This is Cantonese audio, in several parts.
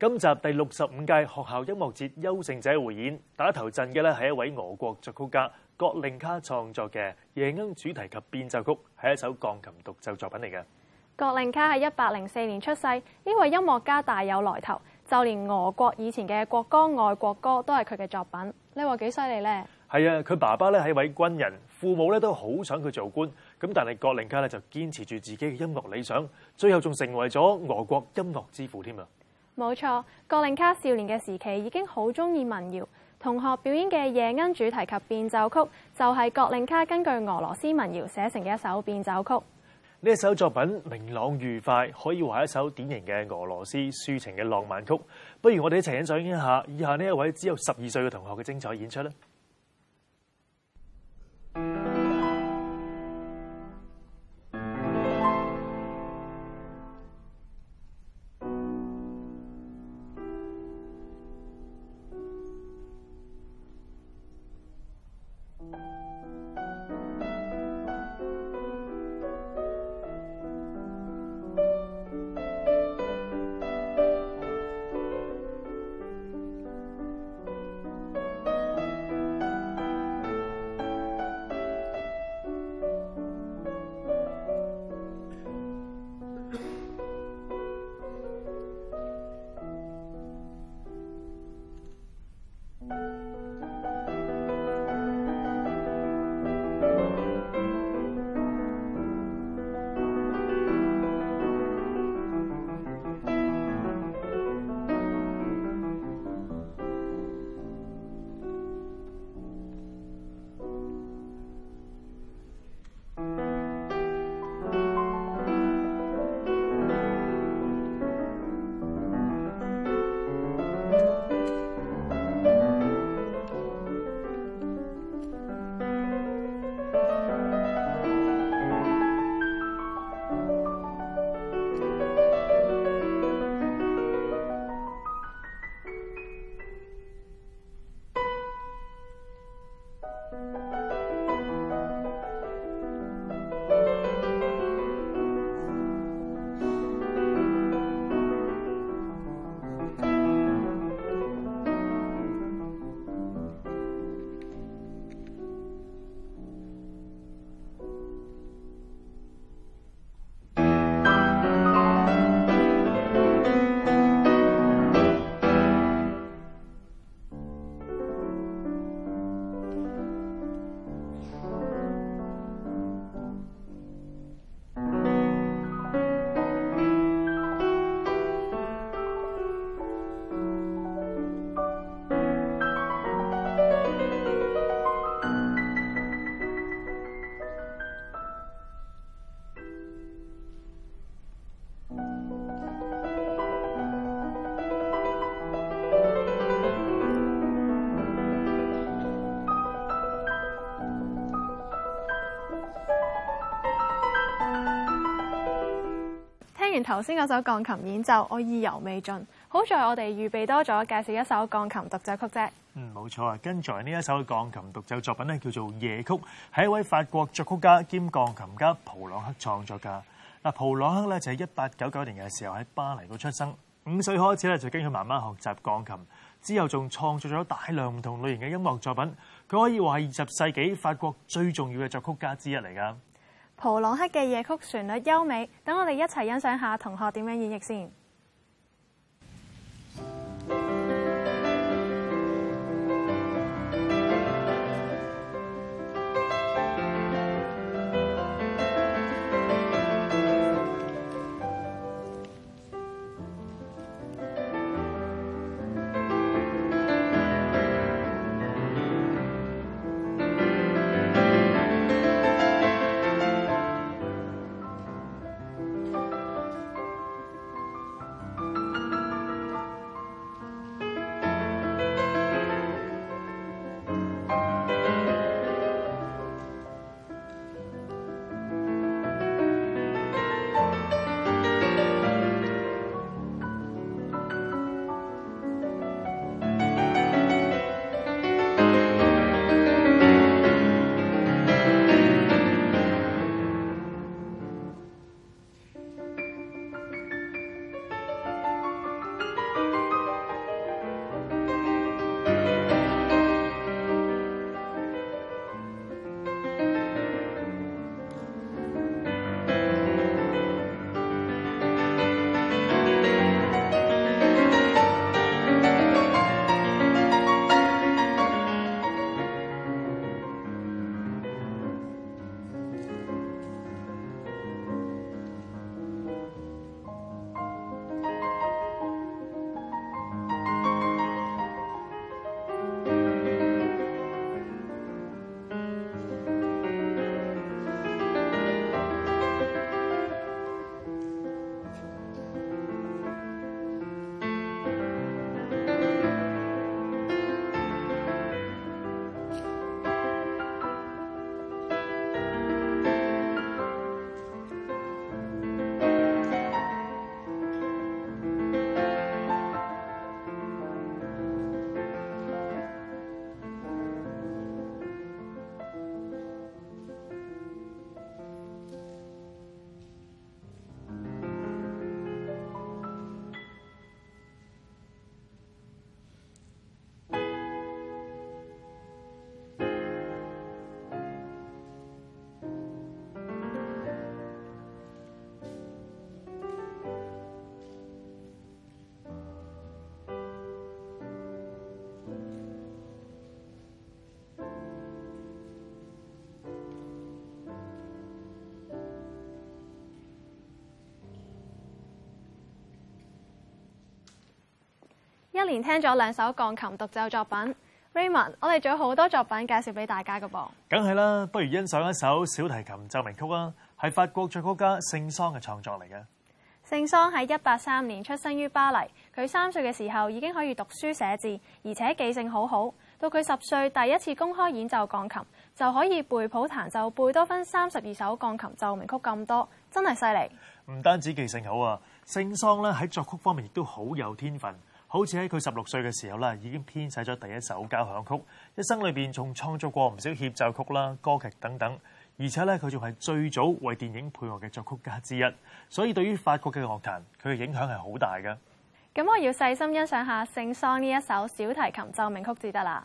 今集第六十五屆學校音樂節優勝者匯演打頭陣嘅咧，係一位俄國作曲家格令卡創作嘅《夜鶯》主題及變奏曲，係一首鋼琴獨奏作品嚟嘅。格令卡喺一八零四年出世，呢位音樂家大有來頭，就連俄國以前嘅國歌、外國歌都係佢嘅作品，你話幾犀利呢？係啊，佢爸爸咧係一位軍人，父母咧都好想佢做官，咁但係格令卡咧就堅持住自己嘅音樂理想，最後仲成為咗俄國音樂之父添啊！冇錯，葛令卡少年嘅時期已經好中意民謠。同學表演嘅《夜鶯》主題及變奏曲，就係葛令卡根據俄羅斯民謠寫成嘅一首變奏曲。呢一首作品明朗愉快，可以話一首典型嘅俄羅斯抒情嘅浪漫曲。不如我哋一齊欣賞一下以下呢一位只有十二歲嘅同學嘅精彩演出咧。嗯頭先嗰首鋼琴演奏，我意猶未盡。好在我哋預備多咗介紹一首鋼琴獨奏曲啫。嗯，冇錯啊。跟住呢一首鋼琴獨奏作品呢，叫做《夜曲》，係一位法國作曲家兼鋼琴家普朗克創作噶。嗱，普朗克咧就喺一八九九年嘅時候喺巴黎度出生，五歲開始咧就跟佢媽媽學習鋼琴，之後仲創作咗大量唔同類型嘅音樂作品。佢可以話係二十世紀法國最重要嘅作曲家之一嚟噶。普朗克嘅夜曲旋律優美，等我哋一齊欣賞下同學點樣演繹先。一連聽咗兩首鋼琴獨奏作品，Raymond，我哋仲有好多作品介紹俾大家噶噃。梗係啦，不如欣賞一首小提琴奏鳴曲啊，係法國的作曲家聖桑嘅創作嚟嘅。聖桑喺一八三五年出生於巴黎，佢三歲嘅時候已經可以讀書寫字，而且記性好好。到佢十歲第一次公開演奏鋼琴就可以背譜彈奏貝多芬三十二首鋼琴奏鳴曲咁多，真係犀利。唔單止記性好啊，聖桑咧喺作曲方面亦都好有天分。好似喺佢十六歲嘅時候啦，已經編寫咗第一首交響曲。一生裏邊仲創作過唔少協奏曲啦、歌劇等等。而且咧，佢仲係最早為電影配樂嘅作曲家之一。所以對於法國嘅樂壇，佢嘅影響係好大嘅。咁我要細心欣賞下《聖桑》呢一首小提琴奏鳴曲至得啦。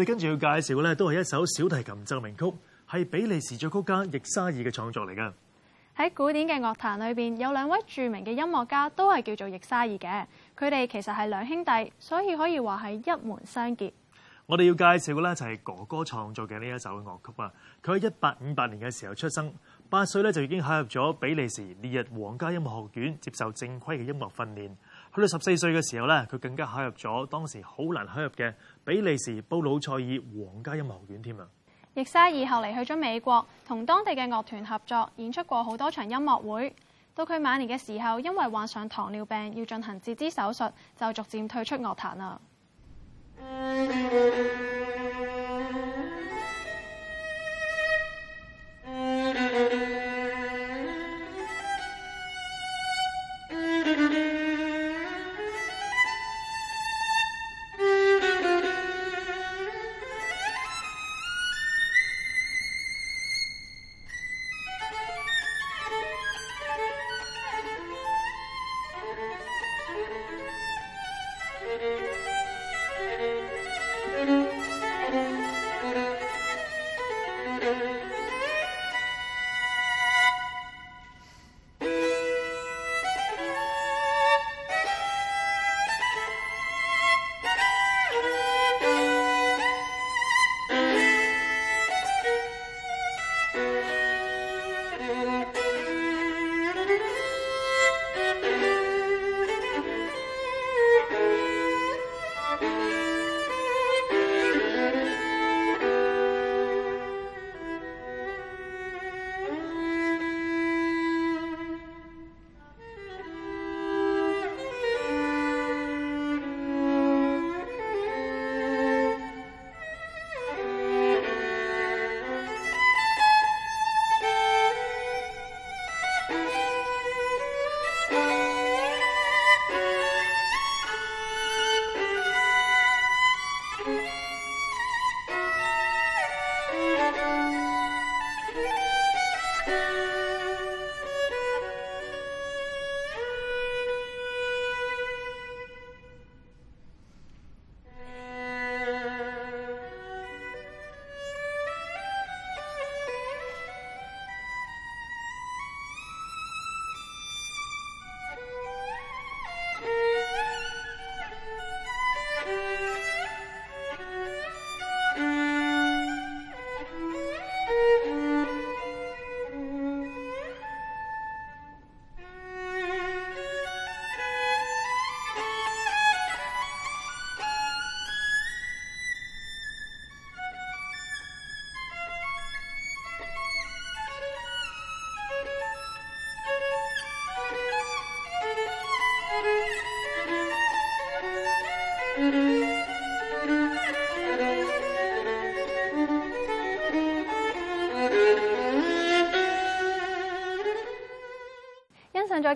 我哋跟住要介紹咧，都係一首小提琴奏鳴曲，係比利時作曲家易莎爾嘅創作嚟㗎。喺古典嘅樂壇裏邊，有兩位著名嘅音樂家都係叫做易莎爾嘅，佢哋其實係兩兄弟，所以可以話係一門雙傑。我哋要介紹嘅咧就係哥哥創作嘅呢一首嘅樂曲啊！佢喺一八五八年嘅時候出生，八歲咧就已經考入咗比利時列日皇家音樂學院，接受正規嘅音樂訓練。去到十四歲嘅時候咧，佢更加考入咗當時好難考入嘅比利時布魯塞爾皇家音樂學院添啊！易莎爾後嚟去咗美國，同當地嘅樂團合作演出過好多場音樂會。到佢晚年嘅時候，因為患上糖尿病要進行截肢手術，就逐漸退出樂壇啦。嗯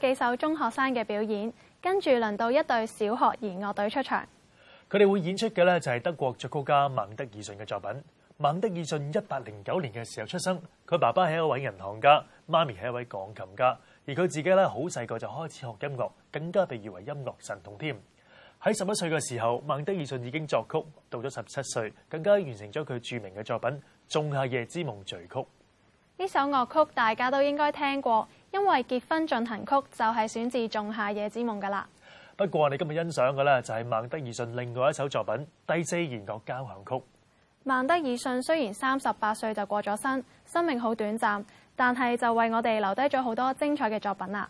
幾首中學生嘅表演，跟住輪到一隊小學弦樂隊出場。佢哋會演出嘅呢，就係德國作曲家孟德爾遜嘅作品。孟德爾遜一八零九年嘅時候出生，佢爸爸係一位銀行家，媽咪係一位鋼琴家，而佢自己咧好細個就開始學音樂，更加被譽為音樂神童添。喺十一歲嘅時候，孟德爾遜已經作曲，到咗十七歲更加完成咗佢著名嘅作品《仲夏夜之夢序曲》。呢首樂曲大家都應該聽過。因為結婚進行曲就係選自《仲夏夜之夢》噶啦。不過你今日欣賞嘅咧就係孟德爾遜另外一首作品《低音弦樂交響曲》。孟德爾遜雖然三十八歲就過咗身，生命好短暫，但係就為我哋留低咗好多精彩嘅作品啦。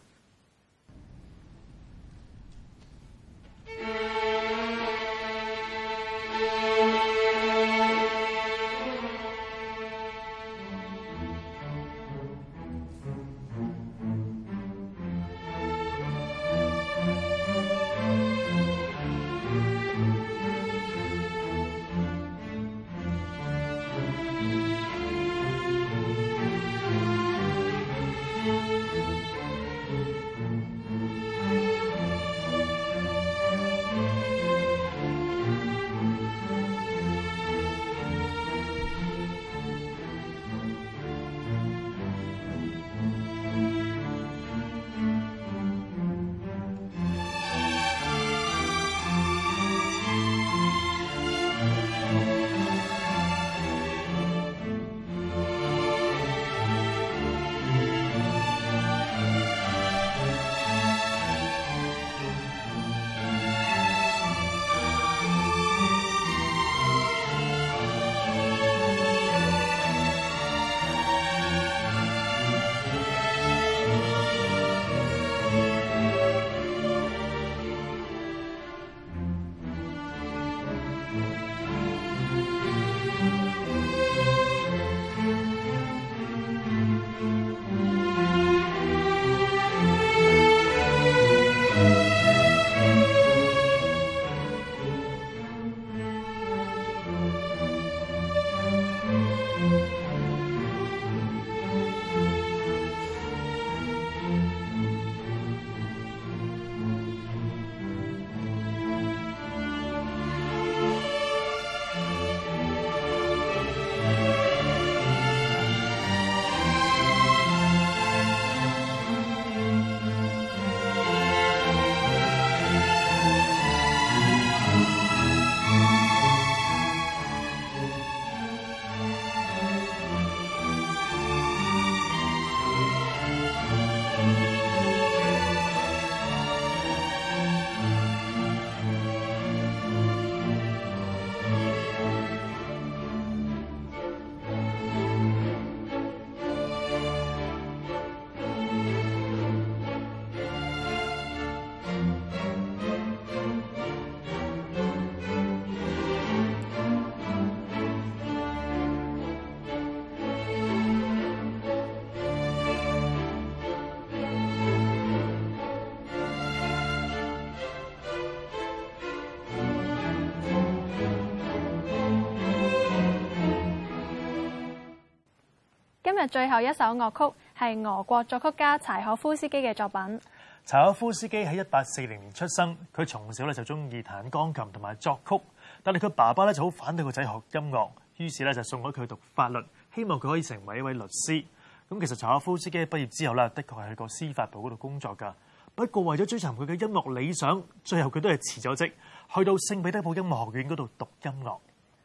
最後一首樂曲係俄國作曲家柴可夫斯基嘅作品。柴可夫斯基喺一八四零年出生，佢從小咧就中意彈鋼琴同埋作曲，但係佢爸爸咧就好反對個仔學音樂，於是咧就送咗佢讀法律，希望佢可以成為一位律師。咁其實柴可夫斯基畢業之後咧，的確係去過司法部嗰度工作噶，不過為咗追尋佢嘅音樂理想，最後佢都係辭咗職，去到聖彼得堡音樂學院嗰度讀音樂。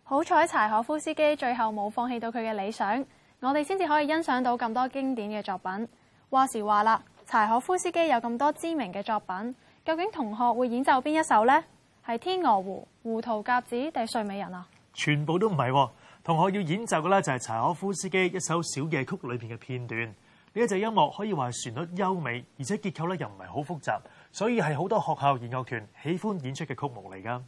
好彩柴可夫斯基最後冇放棄到佢嘅理想。我哋先至可以欣賞到咁多經典嘅作品。話時話啦，柴可夫斯基有咁多知名嘅作品，究竟同學會演奏邊一首呢？係《天鵝湖》《胡桃夾子》定《睡美人》啊？全部都唔係，同學要演奏嘅咧就係柴可夫斯基一首小夜曲裏面嘅片段。呢一隻音樂可以話旋律優美，而且結構咧又唔係好複雜，所以係好多學校弦樂團喜歡演出嘅曲目嚟㗎。